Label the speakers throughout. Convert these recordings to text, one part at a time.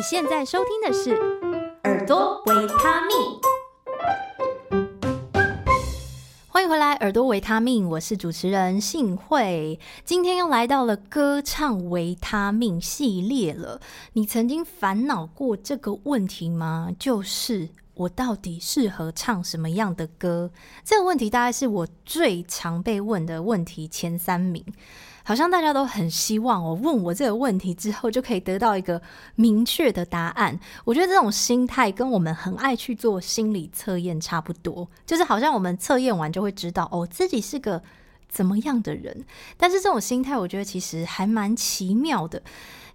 Speaker 1: 你現在收聽的是《耳朵維他命》，歡迎回來，《耳朵維他命》，我是主持人信慧，今天又來到了《歌唱維他命》系列了。你曾經煩惱過這個問題嗎？就是我到底適合唱什麼樣的歌？這個問題大概是我最常被問的問題前三名。好像大家都很希望我、哦、問我這個問題之後，就可以得到一個明確的答案。我覺得這種心態跟我們很愛去做心理測驗差不多，就是好像我們測驗完就會知道哦，自己是個怎麼樣的人。但是這種心態，我覺得其實還蠻奇妙的，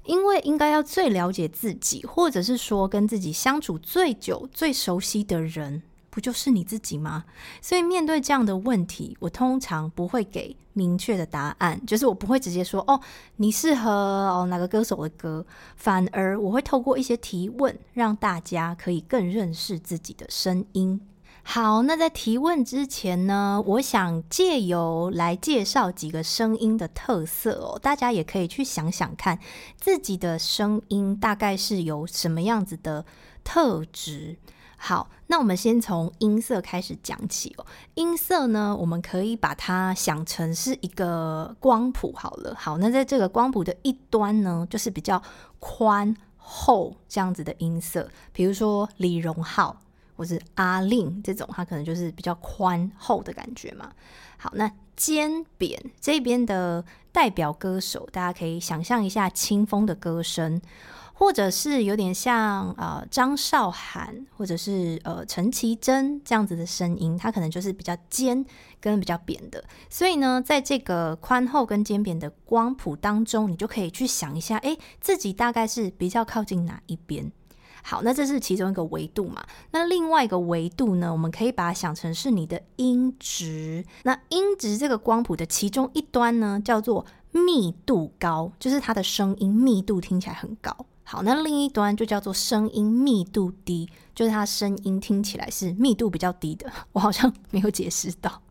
Speaker 1: 因為應該要最了解自己，或者是說跟自己相處最久、最熟悉的人，不就是你自己嗎？所以面對這樣的問題，我通常不會給。明確的答案，就是我不會直接說哦，你適合哦哪個歌手的歌，反而我會透過一些提問，讓大家可以更認識自己的聲音。好，那在提問之前呢，我想借由來介紹幾個聲音的特色哦，大家也可以去想想看，自己的聲音大概是有什麼樣子的特質。好，那我們先從音色開始講起哦。音色呢，我們可以把它想成是一個光譜，好了。好，那在這個光譜的一端呢，就是比較寬厚這樣子的音色，比如說李榮浩或是阿令這種，它可能就是比較寬厚的感覺嘛。好，那尖扁這邊的代表歌手，大家可以想象一下青峰的歌聲。或者是有點像呃張韶涵，或者是呃陳綺貞這樣子的聲音，它可能就是比較尖跟比較扁的。所以呢，在這個寬厚跟尖扁的光譜當中，你就可以去想一下，哎、欸，自己大概是比較靠近哪一邊。好，那這是其中一個維度嘛。那另外一個維度呢，我們可以把它想成是你的音質，那音質這個光譜的其中一端呢，叫做密度高，就是它的聲音密度聽起來很高。好，那另一端就叫做聲音密度低，就是它聲音聽起來是密度比較低的。我好像沒有解釋到，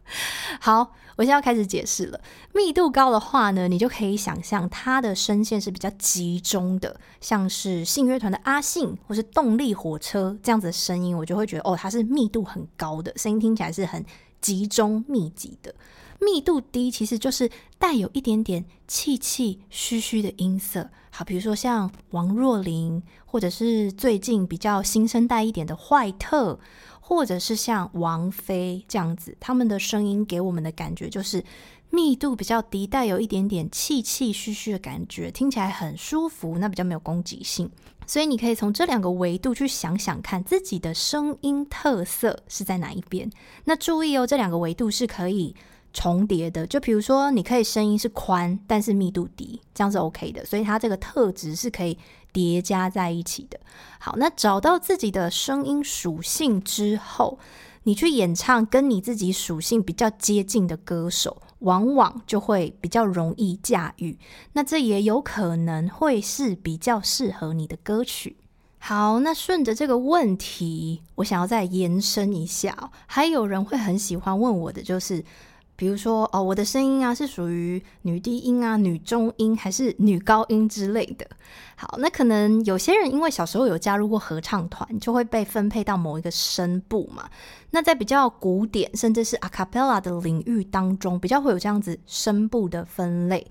Speaker 1: 好，我現在要開始解釋了。密度高的話呢，你就可以想象它的聲線是比較集中的，像是信樂團的阿信或是動力火車這樣子的聲音，我就會覺得哦，它是密度很高的，聲音聽起來是很集中密集的。密度低其實就是帶有一點點氣氣虛虛的音色，好，比如說像王若琳，或者是最近比較新生代一點的壞特，或者是像王菲這樣子，他們的聲音給我們的感覺就是密度比較低，帶有一點點氣氣噓噓的感覺，聽起來很舒服，那比較沒有攻擊性。所以你可以從這兩個維度去想想看自己的聲音特色是在哪一邊？那注意哦，這兩個維度是可以。重疊的，就比如說，你可以聲音是寬，但是密度低，這樣是 OK 的。所以它這個特質是可以疊加在一起的。好，那找到自己的聲音屬性之後，你去演唱跟你自己屬性比較接近的歌手，往往就會比較容易駕馭。那這也有可能會是比較適合你的歌曲。好，那順着這個問題，我想要再延伸一下哦，還有人會很喜歡問我的就是。比如說，哦，我的聲音啊是屬於女低音啊、女中音還是女高音之類的。好，那可能有些人因為小時候有加入過合唱團，就會被分配到某一個聲部嘛。那在比較古典，甚至是 a cappella 的領域當中，比較會有這樣子聲部的分類。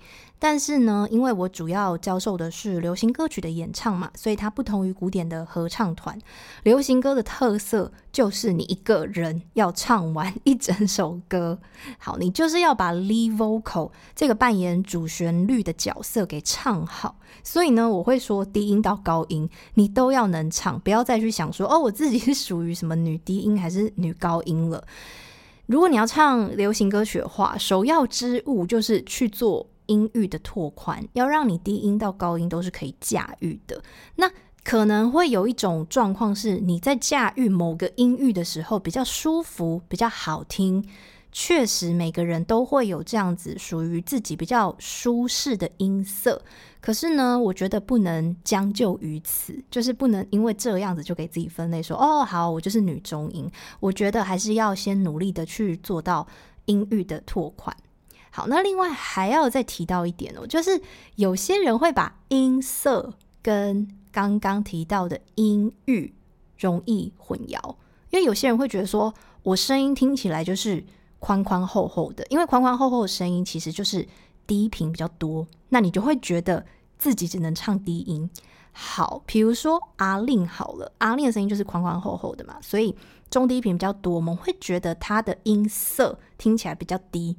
Speaker 1: 但是呢，因為我主要教授的是流行歌曲的演唱嘛，所以它不同於古典的合唱團。流行歌的特色就是你一個人要唱完一整首歌，好，你就是要把 lead vocal 這個扮演主旋律的角色給唱好。所以呢，我會說低音到高音你都要能唱，不要再去想說哦，我自己是屬於什麼女低音還是女高音了。如果你要唱流行歌曲的話，首要之務就是去做。音域的拓寬，要讓你低音到高音都是可以駕馭的。那可能會有一種狀況是，你在駕馭某個音域的時候比較舒服、比較好聽。確實，每個人都會有這樣子屬於自己比較舒適的音色。可是呢，我覺得不能將就於此，就是不能因為這樣子就給自己分類說：“哦，好，我就是女中音。”我覺得還是要先努力的去做到音域的拓寬。好，那另外還要再提到一點哦，就是有些人會把音色跟剛剛提到的音域容易混淆，因為有些人會覺得說，我聲音聽起來就是寬寬厚厚的，因為寬寬厚厚的聲音其實就是低頻比較多，那你就會覺得自己只能唱低音。好，比如說 A-Lin 好了，A-Lin 的聲音就是寬寬厚厚的嘛，所以中低頻比較多，我們會覺得他的音色聽起來比較低。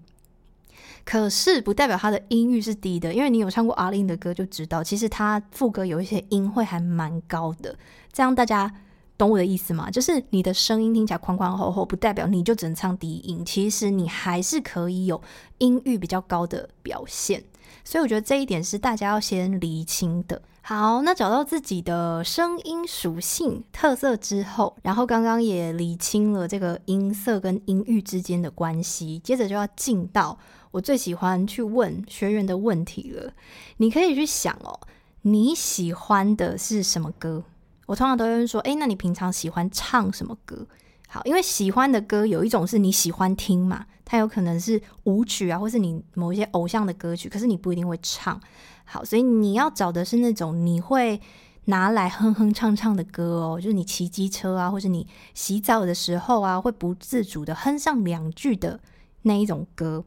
Speaker 1: 可是不代表他的音域是低的，因為你有唱過 A-Lin 的歌就知道，其實他副歌有一些音會還蠻高的，這樣大家懂我的意思嗎？就是你的聲音聽起來寬寬厚厚，不代表你就只能唱低音，其實你還是可以有音域比較高的表現。所以我覺得這一點是大家要先釐清的。好，那找到自己的聲音屬性特色之後，然後剛剛也理清了這個音色跟音域之間的關係，接着就要進到。我最喜歡去問學員的問題了。你可以去想哦，你喜歡的是什麼歌？我通常都會說：“欸，那你平常喜歡唱什麼歌？”好，因為喜歡的歌有一種是你喜歡聽嘛，它有可能是舞曲啊，或是你某一些偶像的歌曲，可是你不一定會唱。好，所以你要找的是那種你會拿來哼哼唱唱的歌哦，就是你騎機車啊，或是你洗澡的時候啊，會不自主的哼上兩句的那一種歌。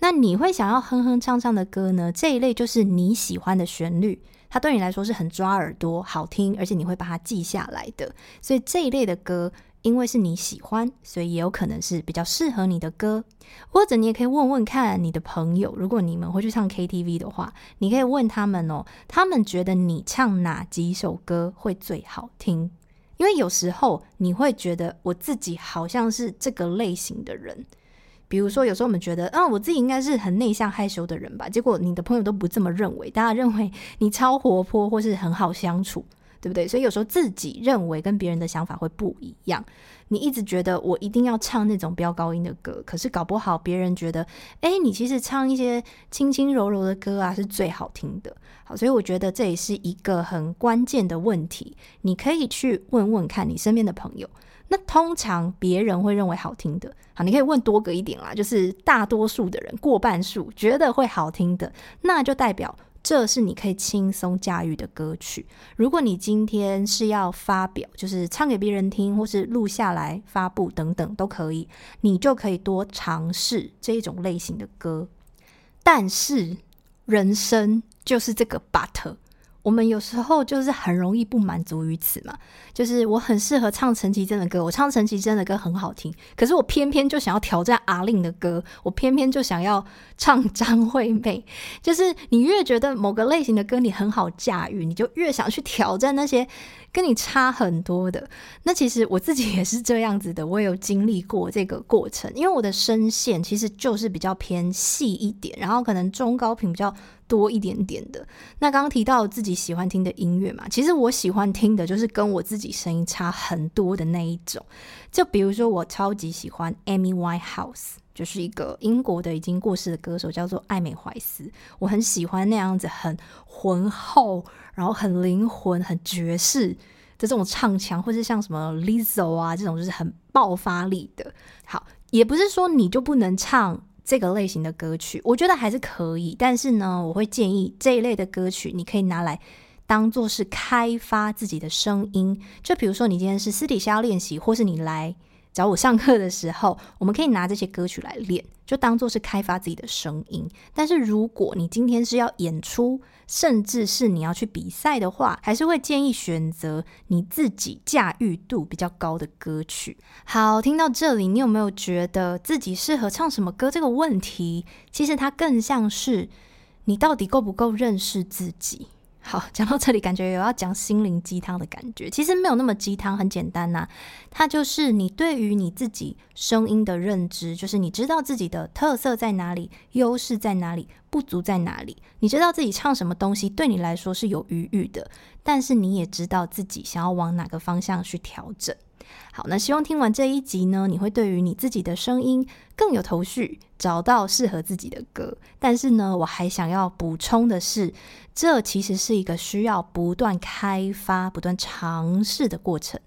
Speaker 1: 那你會想要哼哼唱唱的歌呢？這一類就是你喜歡的旋律，它對你來說是很抓耳朵、好聽，而且你會把它記下來的。所以這一類的歌，因為是你喜歡，所以也有可能是比較適合你的歌。或者你也可以問問看你的朋友，如果你們會去唱 KTV 的話，你可以問他們哦，他們覺得你唱哪幾首歌會最好聽？因為有時候你會覺得我自己好像是這個類型的人。比如說，有時候我們覺得，啊、哦，我自己應該是很內向害羞的人吧？結果你的朋友都不這麼認為，大家認為你超活潑或是很好相處，對不對？所以有時候自己認為跟別人的想法會不一樣。你一直覺得我一定要唱那種飆高音的歌，可是搞不好別人覺得，誒，你其實唱一些輕輕柔柔的歌啊，是最好聽的。好，所以我覺得這也是一個很關鍵的問題，你可以去問問看你身邊的朋友。那通常別人會認為好聽的，好，你可以問多個一點啦，就是大多數的人過半數覺得會好聽的，那就代表這是你可以輕鬆駕馭的歌曲。如果你今天是要發表，就是唱給別人聽，或是錄下來發佈等等都可以，你就可以多嘗試這一種類型的歌。但是人生就是這個 but 我們有時候就是很容易不滿足於此嘛，就是我很適合唱陳綺貞的歌，我唱陳綺貞的歌很好聽，可是我偏偏就想要挑戰阿玲的歌，我偏偏就想要唱張惠妹，就是你越覺得某個類型的歌你很好駕馭，你就越想去挑戰那些。跟你差很多的，那其實我自己也是這樣子的，我有經歷過這個過程，因為我的聲線其實就是比較偏細一點，然後可能中高頻比較多一點點的。那剛剛提到我自己喜歡聽的音樂嘛，其實我喜歡聽的就是跟我自己聲音差很多的那一種，就比如說我超級喜歡 Amy Winehouse。就是一個英國的已經過世的歌手，叫做艾美懷斯。我很喜歡那樣子很渾厚，然後很靈魂、很爵士的這種唱腔，或是像什麼 Lizzo 啊這種，就是很爆發力的。好，也不是說你就不能唱這個類型的歌曲，我覺得還是可以。但是呢，我會建議這一類的歌曲，你可以拿來當做是開發自己的聲音。就比如說，你今天是私底下要練習，或是你來。找我上課的時候，我們可以拿這些歌曲來練，就當做是開發自己的聲音。但是如果你今天是要演出，甚至是你要去比賽的話，還是會建議選擇你自己駕馭度比較高的歌曲。好，聽到這裡，你有沒有覺得自己適合唱什麼歌？這個問題，其實它更像是你到底夠不夠認識自己。好，講到這裡，感覺有要講心靈雞湯的感覺，其實沒有那麼雞湯，很簡單吶、啊。它就是你對於你自己聲音的認知，就是你知道自己的特色在哪裡，優勢在哪裡，不足在哪裡。你知道自己唱什麼東西對你來說是有餘裕的，但是你也知道自己想要往哪個方向去調整。好，那希望聽完這一集呢，你會對於你自己的聲音更有頭緒，找到適合自己的歌。但是呢，我還想要補充的是，這其實是一個需要不斷開發、不斷嘗試的過程。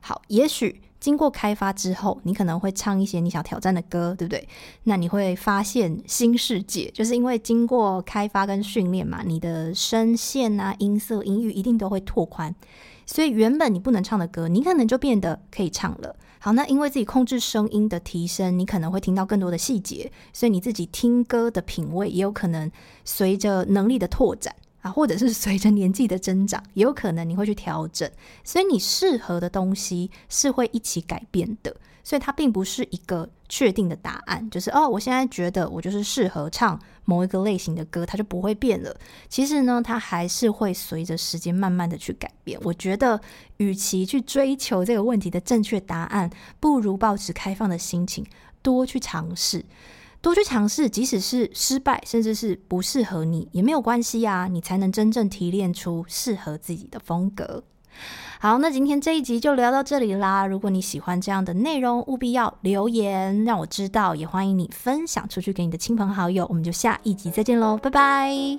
Speaker 1: 好，也許經過開發之後，你可能會唱一些你想挑戰的歌，對不對？那你會發現新世界，就是因為經過開發跟訓練嘛，你的聲線啊、音色、音域一定都會拓寬。所以原本你不能唱的歌，你可能就變得可以唱了。好，那因為自己控制聲音的提升，你可能會聽到更多的細節，所以你自己聽歌的品味也有可能隨着能力的拓展。或者是隨着年紀的增長，也有可能你會去調整，所以你適合的東西是會一起改變的，所以它並不是一個確定的答案，就是哦，我現在覺得我就是適合唱某一個類型的歌，它就不會變了。其實呢，它還是會隨着時間慢慢的去改變。我覺得，與其去追求這個問題的正確答案，不如保持開放的心情，多去嘗試。多去嘗試，即使是失敗，甚至是不適合你，也沒有關係呀、啊。你才能真正提煉出適合自己的風格。好，那今天這一集就聊到這裡啦。如果你喜歡這樣的內容，務必要留言讓我知道，也歡迎你分享出去給你的親朋好友。我們就下一集再見嘍，拜拜。